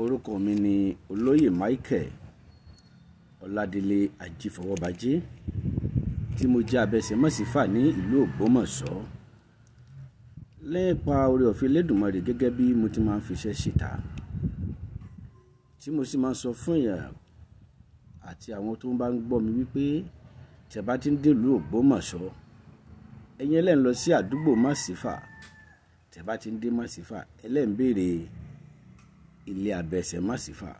orúkọ mi ni olóyè michael ọládélé ajífọwọ́bajé tí mo jẹ́ abẹsẹ̀mọ́sífà ní ìlú ògbómọ̀ṣọ́ lẹ́ẹ̀pa oore ọ̀fẹ́ lẹ́dùnmọ̀rẹ́ gẹ́gẹ́ bí mo ti máa ń fiṣẹ́ síta tí mo sì máa ń sọ fún èèyàn àti àwọn tó ń bá ń gbọ́ mi wípé tí ti ń dèlú ògbómọ̀ṣọ́ ẹ̀yin ẹlẹ́ń lọ sí àdúgbò mọ̀sífà tí ti ń dé mọ̀sífà ẹlẹ́ń béèrè ilé abẹ́sẹ̀ má sì fà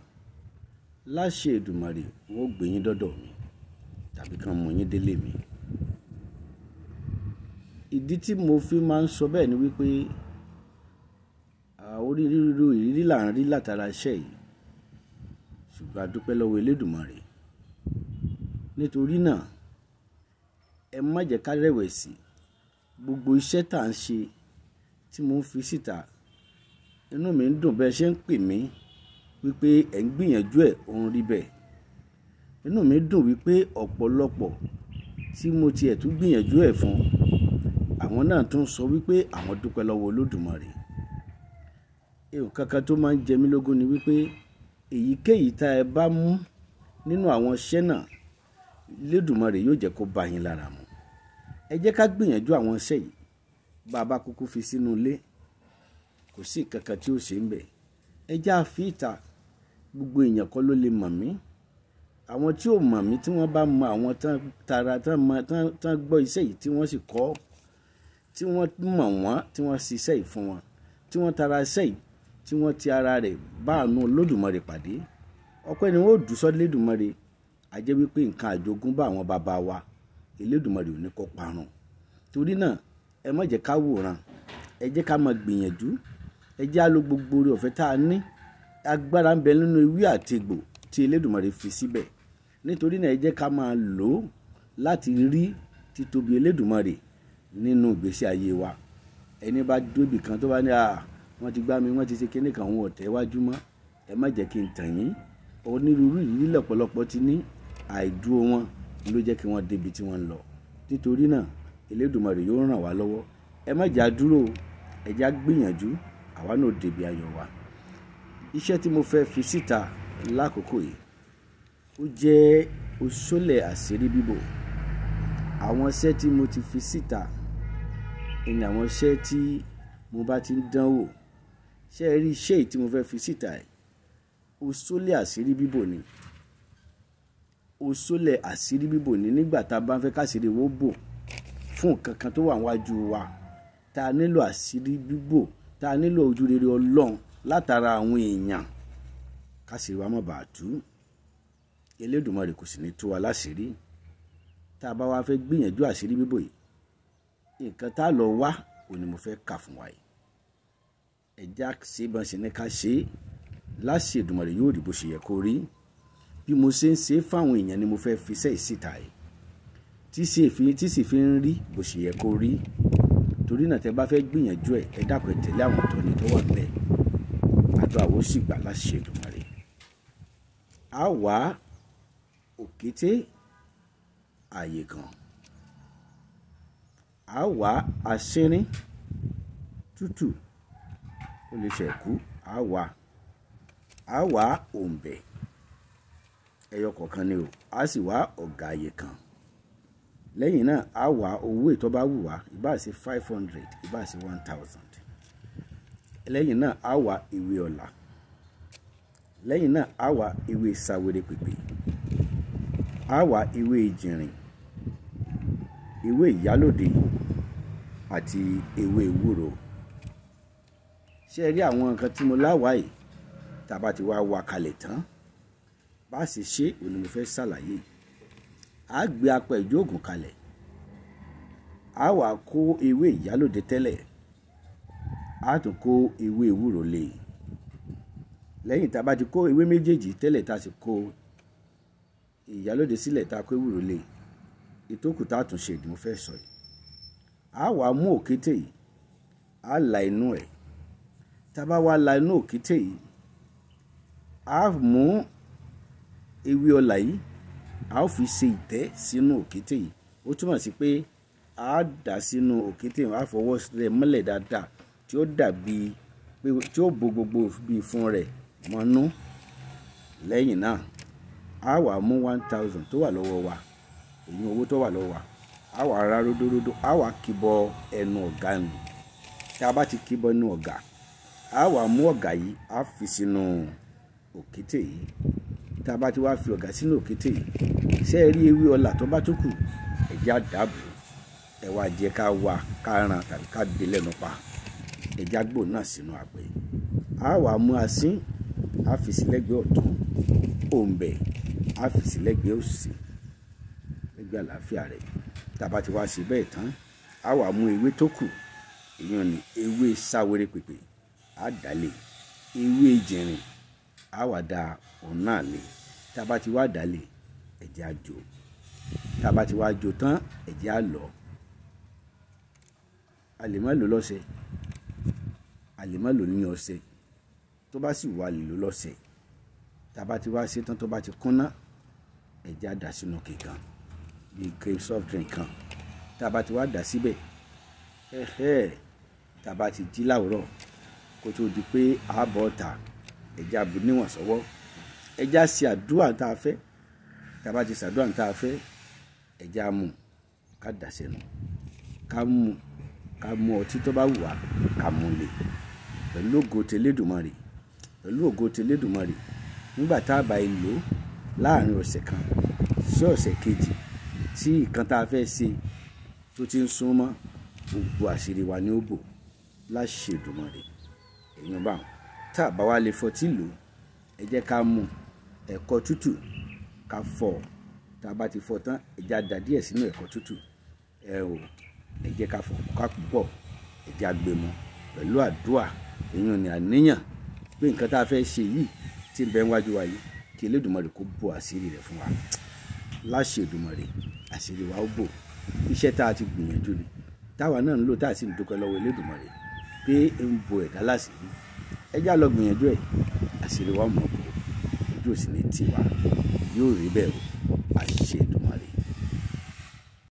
láṣẹ Èdùmàrè n ó gbé yín dọ́dọ̀ mi tàbí kan mú yín délé mi. ìdí tí mo fi máa ń sọ bẹ́ẹ̀ ni wípé onírúurú ìrírí là ń rí látara iṣẹ́ yìí ṣùgbọ́n a dúpẹ́ lọ́wọ́ Elédùmarè nítorí náà ẹ má jẹ́ ká rẹ̀wẹ̀sì gbogbo iṣẹ́ tá à ń ṣe tí mo ń fi síta inú mi ń dùn bẹ́ẹ̀ ṣe ń pè mí wípé ẹ̀ ń gbìyànjú ẹ̀ òun rí bẹ́ẹ̀ inú mi dùn wípé ọ̀pọ̀lọpọ̀ tí mo tiẹ̀ tún gbìyànjú ẹ̀ fún àwọn náà tún sọ wípé àwọn dúpẹ́ lọ́wọ́ olódùmarè èrò kankan tó máa ń jẹ mí lógún ni wípé èyíkéyìí tá ẹ bá mú nínú àwọn iṣẹ́ náà lédùmarè yóò jẹ́ kó bá yín lára mu ẹ jẹ́ ká gbìyànjú àwọn iṣẹ́ yìí bá kúkú fi sínú ilé kò sí nǹkan kan tí ó ṣe ń bẹ̀ ẹ já fi ìta gbogbo èèyàn kọ́ ló lè mọ̀ mí àwọn tí ò mọ̀ mí tí wọ́n bá mọ àwọn tán tara tán mọ tán tán gbọ́ iṣẹ́ yìí tí wọ́n sì kọ́ tí wọ́n mọ̀ wọ́n tí wọ́n ṣiṣẹ́ yìí fún wọn tí wọ́n tara iṣẹ́ yìí tí wọ́n ti ara rẹ̀ bá àánú Olódùmarè pàdé ọpẹ́ ni wọ́n ò dùn sọ́dọ̀ Lédùmarè wípé nǹkan àjogúnbá àwọn bàbá wa Elédùmarè ò ní kó parun torí náà ẹ má jẹ́ ká wòran ẹ jẹ́ ká máa gbìyànjú ẹ jẹ́ á lo gbogbo oore ọ̀fẹ́ tá a ní agbára ń bẹ nínú ewé àti egbò tí Elédùmarè fi síbẹ̀ nítorí náà ẹ jẹ́ ká máa lò ó láti rí títóbi Elédùmarè nínú ìgbésí ayé wa ẹni bá dóbì kan tó bá ní à wọ́n ti gbá mi wọ́n ti ṣe kíní kan òun ọ̀tẹ̀ wájú mọ́ ẹ má jẹ́ kí n tàn yín onírúurú ìrírí lọ́pọ̀lọpọ̀ ti ní àìdúró wọn ló jẹ́ kí wọ́n débi tí wọ́n ń lọ nítorí náà Elédùmarè yóò ràn wá lọ́wọ́ ẹ má jà dúró ẹ já gbìyànjú àwa náà dèbí ayọ̀ wa iṣẹ́ tí mo fẹ́ fi síta lákòókò yìí ó jẹ́ òṣòlẹ̀ àṣírí bíbò àwọn iṣẹ́ tí mo ti fi síta ni àwọn iṣẹ́ tí mo bá ti ń dánwò ṣe rí iṣẹ́ tí mo fẹ́ fi síta yìí òṣòlẹ̀ àṣírí bíbò ni òṣòlẹ̀ àṣírí bíbò ni nígbà tá a bá ń fẹ́ káṣírí wo bò fún nǹkan kan tó wà níwájú wa tá nílò àṣírí bíbò tá a nílò ojú rere ọlọ́run látara àwọn èèyàn kásìrì wa má bàa tú elédùnmarè kò sì ní tú wa láṣìírí tá a bá wa fẹ́ gbìyànjú àṣírí bíbò yìí nǹkan tá a lọ wá òun ni mo fẹ́ kà fún wa yìí ẹ̀já ṣe bá ṣe ní ká ṣe é láṣẹ Èdùmàrè yóò rí bó ṣe yẹ kó rí bí mo ṣe ń ṣe fáwọn èèyàn ni mo fẹ́ fi sẹ́yìn síta yìí tí sì fi ń rí bó ṣe yẹ kó rí torí náà tẹ́ bá fẹ́ gbìyànjú ẹ̀ ẹ dákun ẹ tẹ̀lé àwọn tó ní tó wà bẹ́ẹ̀ àjọ àwọn ó sì gbà láti ṣe Èdùmàrè á wá òkété àyè kan á wá asínrín tútù ó lè ṣẹ̀kú á wá á wá òǹbẹ̀ ẹyọ kọ̀ọ̀kan ni o á sì wá ọ̀gá àyè kan lẹ́yìn náà a wá owó ètò bá wù wá ìbáà sí five hundred ìbáà sí one thousand lẹ́yìn náà a wá ìwé ọ̀la lẹ́yìn náà a wá ìwé sàwèrè pèpè a wá ìwé ìjìnrìn ìwé ìyálòde àti ìwé ìwúrò ṣe rí àwọn nǹkan tí mo láwàá tá a bá ti wá wa kalẹ̀ tán bá a sì ṣe òní mo fẹ́ ṣàlàyé yìí a gbé apẹ ìjóògùn kalẹ̀ a wà kó ewé ìyálòde tẹ́lẹ̀ a tún kó ewé ewúro lé lẹ́yìn tá a bá ti kó ewé méjèèjì tẹ́lẹ̀ tá a sì kó ìyálòde sílẹ̀ tá a kó ewúro lé ìtókù tá a tún ṣe ìdìmú fẹ́ sọ yìí a wà mú òkété yìí a la inú ẹ̀ tá a bá wá la inú òkété yìí a mú ewé ọlà yìí a ó fi ṣe ìtẹ́ sínú òkété yìí ó túmọ̀ sí pé a dà sínú òkété yìí a fọwọ́ rẹ̀ mọ́lẹ̀ dáadáa tí ó dàbí pé tí ó bo gbogbo bí fún rẹ̀ mọ́nú lẹ́yìn náà a wà mú one thousand tó wà lọ́wọ́ wa èyí owó tó wà lọ́wọ́ wa a wà ra ródóródó a wà kíbọ ẹnu ọ̀gá nù tá a bá ti kíbọ ẹnu ọ̀gá a wà mú ọ̀gá yìí a fi sínú. No òkété yìí tá a bá ti wá fi ọ̀gá sínú òkété yìí ṣé ẹ rí ewé ọlà tó bá tó kù ẹ̀já dàbò ẹ wá jẹ́ ká wá ká ràn tàbí ká gbé lẹ́nu pa ẹ̀já gbò náà sínú àpè á wàá mú asín á fi sí lẹ́gbẹ̀ẹ́ ọ̀tún òǹbẹ á fi sí lẹ́gbẹ̀ẹ́ òsì lẹ́gbẹ̀ẹ́ àlàáfíà rẹ̀ tá a bá ti wá ṣe bẹ́ẹ̀ tán á wàá mú ewé tó kù èèyàn ní ewé sáwéré pèpè á dálé ewé jìnrìn á wà da òun náà lé tá a bá ti wá dà lé ẹ̀jẹ̀ á jó tá a bá ti wá jó tán ẹ̀jẹ̀ á lọ lọ́sẹ̀ a ní ọ̀sẹ̀ tó bá sì wà lò lọ́sẹ̀ tá ti wá ṣetán tó bá ti kúnná ẹ̀jẹ̀ á sínú kíkan bíi cream soft drink kan tá a bá ti wá dà síbẹ̀ ẹ̀hẹ́ tá a ti jí láwùrọ̀ kó tó di pé ààbọ̀ ta ẹja bu níwọ̀n sọ́wọ́ ẹja ṣe àdúrà tá a fẹ́ tá a bá ti ṣàdúrà tá a fẹ́ ẹja mu ká dà sẹ́nu ká mu ká mu ọtí tó bá wù wá ká mu lè pẹ̀lú ògo tẹlẹ́dùmarè pẹ̀lú ògo tẹlẹ́dùmarè nígbà tá a bá yìí lò láàrin ọ̀sẹ̀ kan sí ọ̀sẹ̀ kejì tí nǹkan tá a fẹ́ ṣe tó ti ń súnmọ́ gbogbo àṣírí wa ní ó bò láṣẹ Èdùmàrè èèyàn báwọn tá a bá wá lè fọtí lò ẹ jẹ́ ká mú ẹ̀kọ tútù ká fọ tá a bá ti fọ tán ẹ jẹ́ àdá díẹ̀ sínú ẹ̀kọ tútù ẹ ò ẹ jẹ́ ká fọ ká púpọ̀ ẹ jẹ́ àgbẹ̀mọ pẹ̀lú àdúà èèyàn ní àníyàn pé nǹkan tá a fẹ́ ṣe yìí tí ń bẹ wájú wa yìí kí Elédùmarè kó bò àṣírí rẹ̀ fún wa láṣẹ Èdùmarè àṣírí wa ó bò iṣẹ́ tá a ti gbìyànjú ni táwa náà ń lò tá a sì ń dúpẹ́ lọ́wọ́ Elédùmarè pé ń bo ẹ̀dá láṣìírí ẹjá lọ gbìyànjú ẹ̀ àṣírí wa mọ̀ pé ojú òsì ní tiwa yóò rí bẹ́ẹ̀ o àṣìṣe Èdùmàrè.